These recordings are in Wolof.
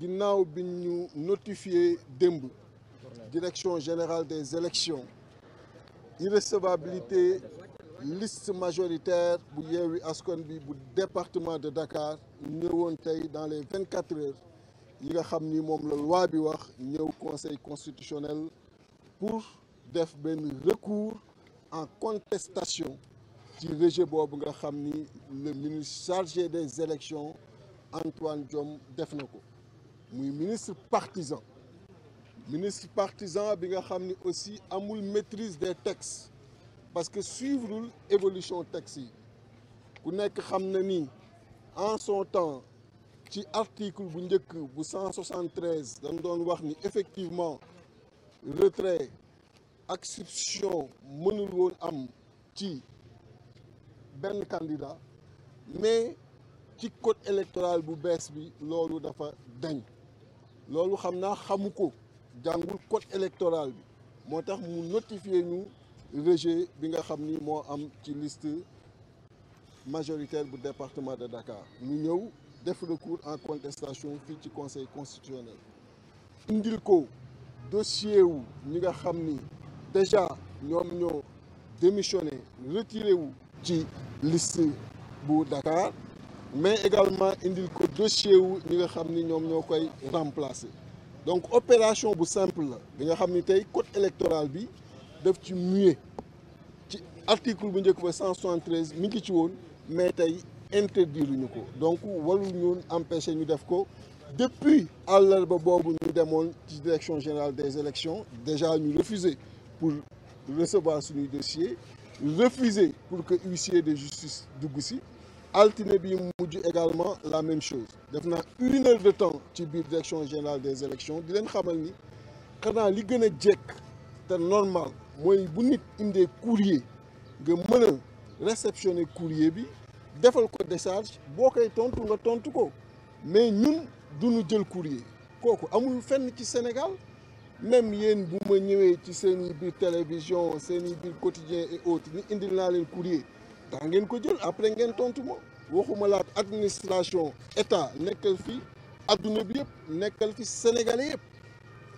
ginnaaw bi ñu notifié démb direction générale des élections irrecevabilité liste majoritaire bu Yewwi Askan Wi bu département de Dakar ñëwoon tey dans les vingt quatre heures yi nga xam ni moom la loi bi wax ñëw conseil constitutionnel pour def benn recours en contestation ci rejet boobu nga xam ni le ministre chargé des élections Antoine Diome def na ko muy ministre partisan ministre partisan bi nga xam ni aussi amul maitrise des textes parce que suivrul évolution texte yi ku nekk xam na ni en son temps ci article bu njëkk bu 173 dañ doon wax ni effectivement retrait ak substitution mënul woon am ci benn candidat mais ci code électoral bu bees bi loolu dafa dañ loolu xam naa xamu ko jàngul code électoral bi moo tax mu notifier ñu rejet bi nga xam ni moo am ci liste majoritaire bu département de Dakar ñu ñëw def recours en contestation fii ci conseil constitutionnel indil ko dossier wu ñi nga xam ni déjà ñoom ñoo démissionné retiré wu ci liste bu Dakar mais également indil ko dossier wu ñi nga xam ni ñoom ñoo koy remplacer donc opération bu simple la bi nga xam ni tey code électoral bi def ci mué ci article bu njëkk ba 173 mi ngi ci woon mais tey interdiruñu ko donc warul ñun empêcher ñu def ko depuis àllarba boobu ñu demoon ci direction générale des élections déjà ñu refusé pour recevoir suñuy dossier refusé pour que huissier de justice dugg si altine bi mu mujj également la même chose def naa une heure de temps ci biir direction générale des élections di leen xamal ni xanaa li gën a jekk te normal mooy bu nit indee courrier nga mën réceptionner courrier bi defal ko décharge boo koy tontu nga tontu ko mais ñun duñu jël courrier kooku amul fenn ci Sénégal même yéen bu ma ñëwee ci seen i biir télévision seen biir quotidien et autres ni indil naa leen courrier daa ngeen ko jël après ngeen tontu ma waxuma laat administration état nekkal fi adduna bi yëpp nekkal fi sénégalais yëpp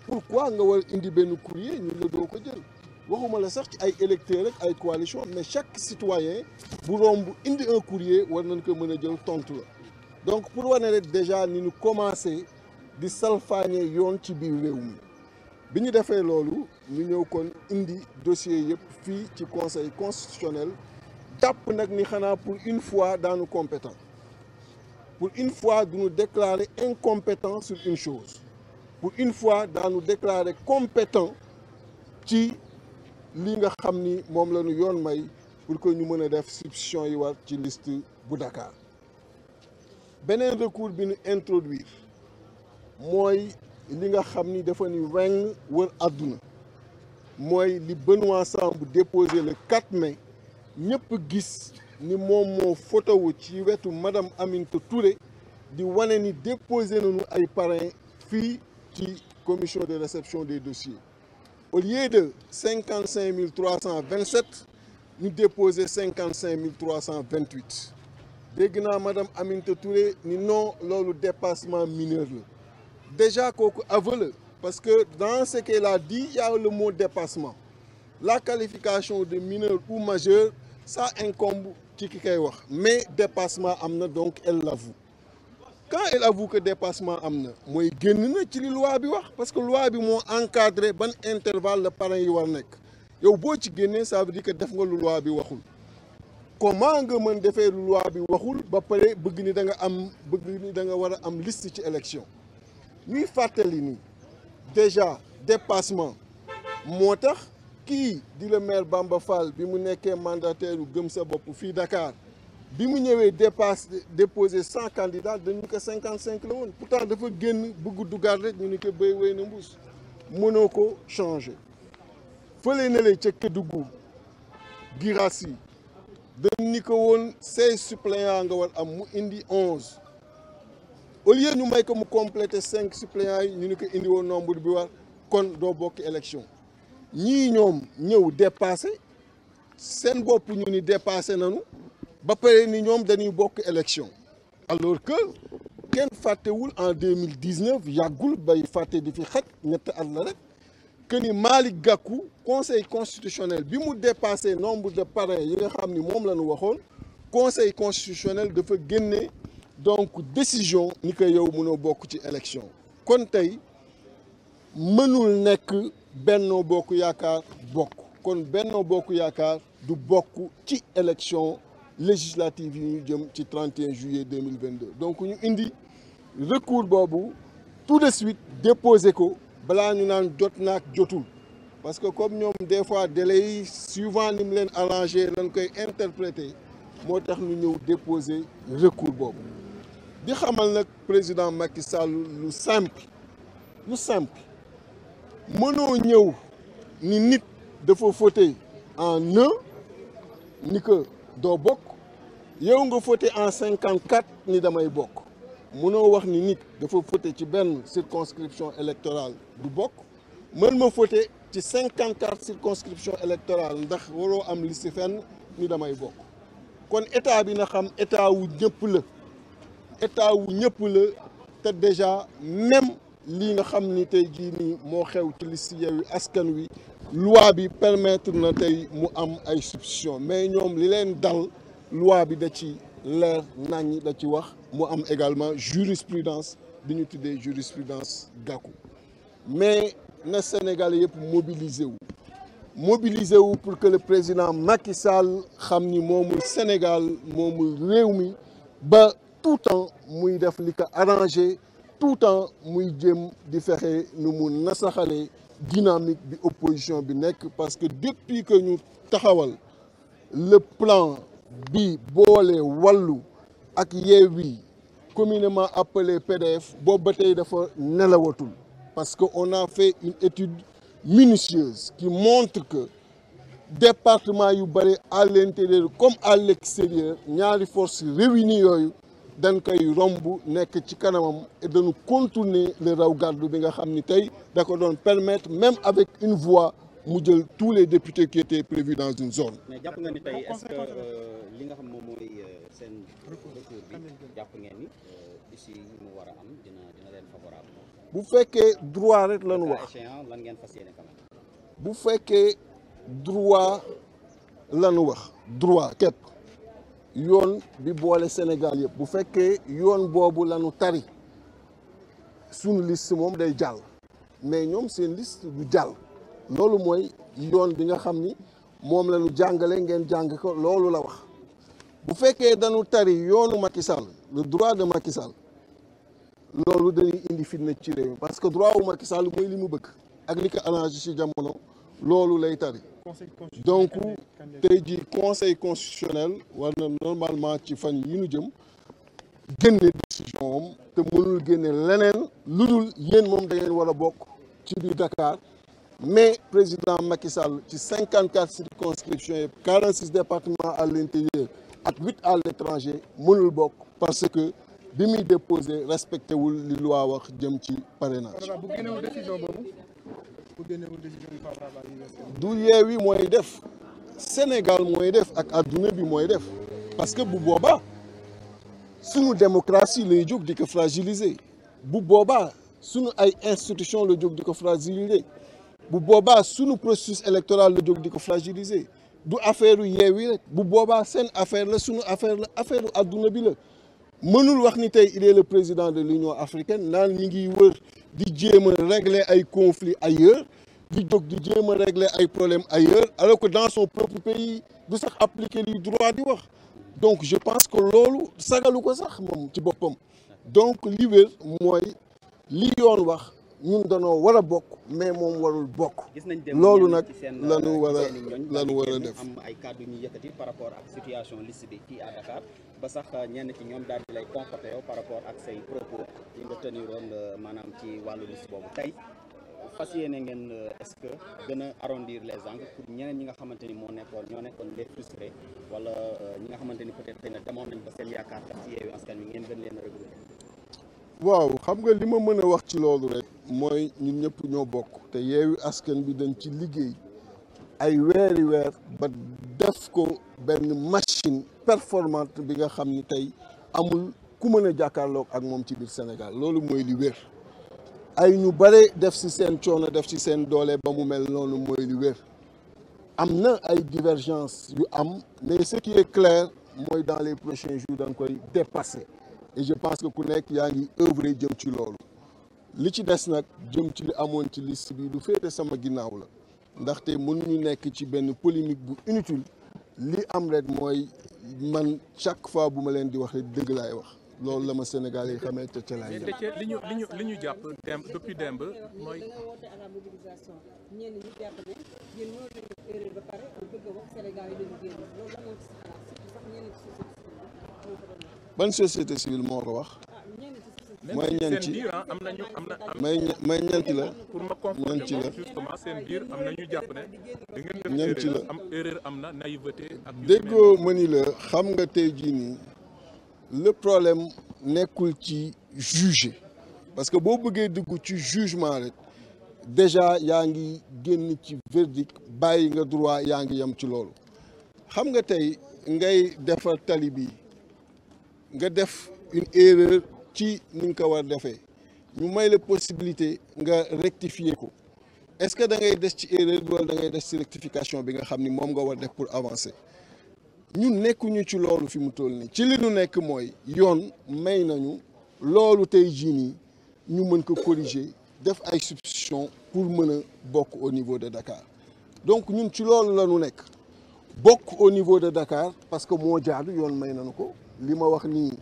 pourquoi nga war indi benn courrier ñu la doo ko jël waxuma la sax ci ay électeurs rek ay coalition mais chaque citoyen bu romb indi un courrier war nañ ko mën a jël tontu la donc pour wane rek déjà ni ñu commencé di salfaañe yoon ci biir réew mi bi ñu defee loolu ñu ñëw kon indi dossier yëpp fii ci conseil constitutionnel tàpp nag ni xanaa pour une fois daanu compétent pour une fois duñu déclarer incompétent sur une chose pour une fois daanu déclare compétent ci li nga xam ni moom la yoon may pour que ñu mën a def substitution yi war ci liste bu Dakar beneen recours bi ñu introduire mooy li nga xam ni dafa ni weng wër àdduna mooy li Benoît Sambou déposé le 4 mai ñëpp gis ni moom moo fotowu ci wetu madame Aminata Touré di wane ni déposé nanu ay parrain fii ci commission de réception des dossiers au lieu de cinquante cinq mille trois cent vingt sept ñu déposé cinquante cinq mille trois cent vingt huit dégg na madame Aminata Touré ni non loolu dépassement mineur la déjà kooku aveu la parce que dans ce qu'elle di dit il y a le mot dépassement la qualification de mineur ou majeur ça incombe ci ki kay wax mais dépassement am na donc elle l'avoue quand elle avoue que dépassement am na mooy génn na ci li loi bi wax parce que loi bi moo encadré ban intervalle la parents yi war nekk yow boo ci génnee ça veut dire def nga lu loi bi waxul comment nga mën defee lu loi bi waxul ba pare bëgg ni da nga am bëgg ni da nga war a am liste ci élection ñuy fàttali ni déjà dépassement moo tax kii di le maire Bamba Fall bi mu nekkee mandataire yu gëm sa bopp fii Dakar bi mu ñëwee dépasse déposé cent candidats dañu ko cinquante cinq la woon pourtant dafa génn bëgg dugaat rek ñu ni ko bay wéy na mbuus mënoo ko changé fële na le ca Kédougou Girassi dañ ni ko woon seize suppléants nga war am mu indi onze au lieu ñu may ko mu complété cinq yi ñu ni ko indi woon nombre bi war kon doo bokk élection ñii ñoom ñëw dépassé seen bopp ñu ni dépasé nañu ba pare ni ñoom dañuy bokk élection alors que kenn fàttewul en deux mille dix neuf yàggul bay fàtte di fi xaj ñetti at la rek que ni Malick Gakou conseil constitutionnel bi mu dépassé nombre de parrains yi nga xam ni moom la ñu waxoon conseil constitutionnel dafa génne donc décision ni ko yow mënoo bokk ci élection kon tey mënul nekk. Benno Bokk Yaakaar bokk kon Benno Bokk Yaakaar du bokk ci élection législative yi ñu jëm ci 31 juillet 2022 donc ñu indi recours boobu tout de suite déposé ko balaa ñu naan jot naak jotul parce que comme ñoom des fois délai yi suivant ni mu leen arrangé lañ koy interprété moo tax ñu ñëw déposé recours boobu di xamal nag président Macky lu simple lu simple mënoo ñëw ni nit dafa fauté en un ni que doo bokk yow nga fauté en cinquante quatre ni damay bokk mënoo wax ni nit dafa fauté ci benn circonscription électorale du bokk mën ma fauté ci cinquante quatre circonscription électorale ndax waroo am liste fenn ni damay bokk kon état bi na xam état wu ñëpp la état wu ñëpp la te déjà même lii nga xam ni tey jii moo xew ci liste Yewwi Askan Wi loi bi permettre na tey mu am ay substitution mais ñoom li leen dal loi bi da ci leer naññ da ci wax mu am également jurisprudence bi ñu tuddee jurisprudence Gakou mais na Sénégal yëpp mobiliser wu mobiliser wu pour que le président Macky Sall xam ni moomul Sénégal moomul réew mi ba tout temps muy def li ko arrangé tout temps muy jéem di fexe nu mu nasaxale dynamique bi opposition bi nekk parce que depuis que ñu taxawal le plan bi boole wàllu ak Yewwi communément appelé PDF boobu ba tey dafa nelawatul parce que on a fait une étude minutieuse qui montre que département yu bëri à l'intérieur comme à l'extérieur ñaari forces réunies yooyu dañ koy romb nekk ci kanamam et dañu contourner le raw gàddu bi nga xam ni tey da doon permettre même avec une voix mu jël tous les députés qui étaient prévus dans une zone. mais jàpp nga ni tey est-ce euh, li nga xam moom mooy euh, seen recours bi jàpp ngeen ni euh, ici mu war a am dina dina leen favorable. bu fekkee droit rek lañu wax lan ngeen fas yéene bu fekkee droit lañu wax droit képp. yoon bi boole Sénégal yëpp bu fekkee yoon boobu lanu tari sunu liste moom day jàll mais ñoom seen liste du jàll loolu mooy yoon bi nga xam ni moom la ñu jàngale ngeen jàng ko loolu la wax bu fekkee danu tari yoonu Macky Sall le droit de Macky Sall loolu dañuy indi fitna ci réew mi parce que droit wu Macky Sall mooy li mu bëgg ak li ko arrangé ci jamono loolu lay tari donc tey ji conseil constitutionnel war na normalement ci fan yi ñu jëm génne décision am te mënul génne leneen lu dul yéen moom da ngeen bokk ci biir Dakar mais président Macky Sall ci cinquante quatre circonscriptions yëpp quarante six départements à l'intérieur ak huit à l'étranger mënul bokk parce que bi muy déposé respecté wul li loi wax jëm ci parrainage. du Yewwi mooy def Sénégal mooy def ak adduna bi mooy def parce que bu boobaa suñu démocratie lay jóg di ko fragiliser bu boobaa sunu ay institution la jóg di ko fragiliser bu boobaa sunu processus électoral la jóg di ko fragiliser du affaire Yewwi rek bu boobaa seen affaire la suñu affaire la affaire adduna bi la mënul wax ni tey il est président de l'Union africaine naan mi ngi wër di jéem a régler ay conflits ailleurs di jóg di jéem a régler ay problèmes ailleurs alors que dans son propre pays du sax appliquer li droit di wax donc je pense que loolu sagalu ko sax moom ci boppam donc li wér mooy li yoon wax ñun danoo war a bokk mais moom warul bokk. loolu nag la ñu euh, a a def. am ay kàddu ñu yëkkati par rapport ak situation liste bi fii à Dakar ba sax euh, ñenn ci ñoom daal di lay comporté yow par rapport ak say propos yi nga teniroon euh, maanaam ci wàllu liste boobu tey fas yéene ngeen est-ce a arrondir les angles pour ñeneen ñi nga xamante ni moo nekkoon ñoo nekkoon les frustrés wala ñi nga xamante ni peut-être nañ ba seen yaakaar ci yeewu askan wi ngeen gën leen a regrouper. mooy ñu ñëpp ñoo bokk te yeewi askan bi dañ ci liggéey ay weeri weer ba def ko benn machine performante bi nga xam ni tey amul ku mën a jàkkaarloog ak moom ci biir Sénégal loolu mooy li wér ay ñu bare def ci seen coono def ci seen doole ba mu mel noonu mooy li wér am na ay divergence yu am mais ce qui est clair mooy dans les prochains jours da nga koy dépasser et je pense que ku nekk yaa ngi œuvrer jëm ci loolu li ci des nag jëm ci li amoon ci liste bi lu féete sama ginnaaw la ndaxte mënuñu nekk ci benn polémique bu inutile li am rek mooy man chaque fois bu ma leen di wax rek dëgg laay wax loolu la ma Sénégal yi xamee ca ca laay li ñu ñu li ñu jàpp démb depuis démb mooy. ban société civile moo ko wax. mooy ñan ci am am na mooy ñan ci la pour ma ci la am nañu jàpp ne am na naïveté ak déggoo ma ni la xam nga tey jii nii le problème nekkul ci juger parce que boo bëggee dugg ci jugement rek déjà yaa ngi génn ci verdict bàyyi nga droit yaa ngi yem ci loolu xam nga tey ngay defal tali bi nga def une erreur ci ni nga ko war defee ñu may la possibilité nga rectifier ko est-ce que da ngay des ci erreur bi wala da ngay des ci rectification bi nga xam ni moom nga war def pour avancer ñun nekkuñu ci loolu fi mu toll nii ci li ñu nekk mooy yoon may nañu loolu tey jii nii ñu mën ko corriger def ay substitution pour mën a bokk au niveau de Dakar donc ñun ci loolu la nekk bokk au niveau de Dakar parce que moo jaadu yoon may nañu ko li ma wax nii.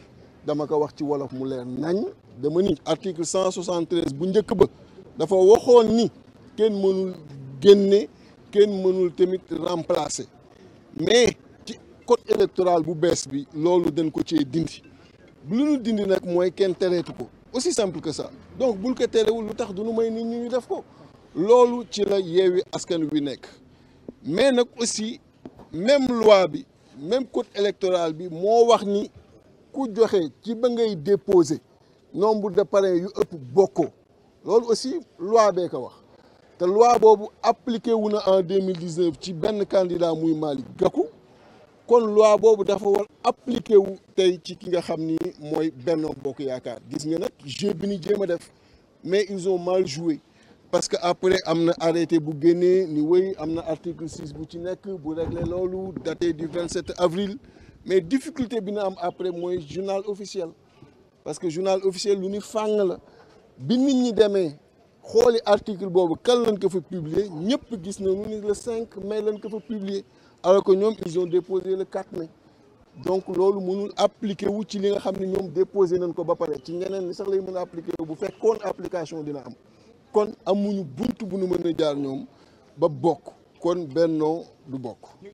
dama ko wax ci wolof mu leer nañ dama ni article cent soixante-treize bu njëkk ba dafa waxoon ni kenn mënul génne kenn mënul tamit remplacer mais ci code électoral bu bees bi loolu dañ ko cee dindi lu ñu dindi nag mooy kenn tereetu ko aussi simple que ça donc bul ko terewul lu tax du nu may nit ñi ñu def ko loolu ci la yeewi askan wi nekk mais nag aussi même loi bi même code électoral bi moo wax ni ku joxe ci ba ngay déposé nombre de parrain yu ëpp bokkoo loolu aussi loi bee ko wax te loi boobu appliqué wu na en deux mille dix ci benn candidat muy Malick Gakou kon loi boobu dafa war appliqué wu tey ci ki nga xam ni mooy Benno Bokk Yaakaar gis nga nag jeu bi ni jéem def mais ils ont mal joué parce que après am na arrêté bu génnee ni wéy am na article six bu ci nekk bu réglé loolu daté du vingt sept avril. mais difficulté bi na am après mooy journal officiel parce que journal officiel lu ni fàng la bi nit ñi demee xooli article boobu kan lañ ko fa publier ñëpp gis nañu ni le mais mai lañ ko fa publier alors que ñoom ils ont déposé le 4 mai donc loolu mënul appliquer wu ci li nga xam ni ñoom déposé nañ ko ba pare ci ñeneen ni sax lay mën a appliquer bu fekkoon application dina am kon amuñu bunt bu nu mën a jaar ñoom ba bokk kon bennoo du bokk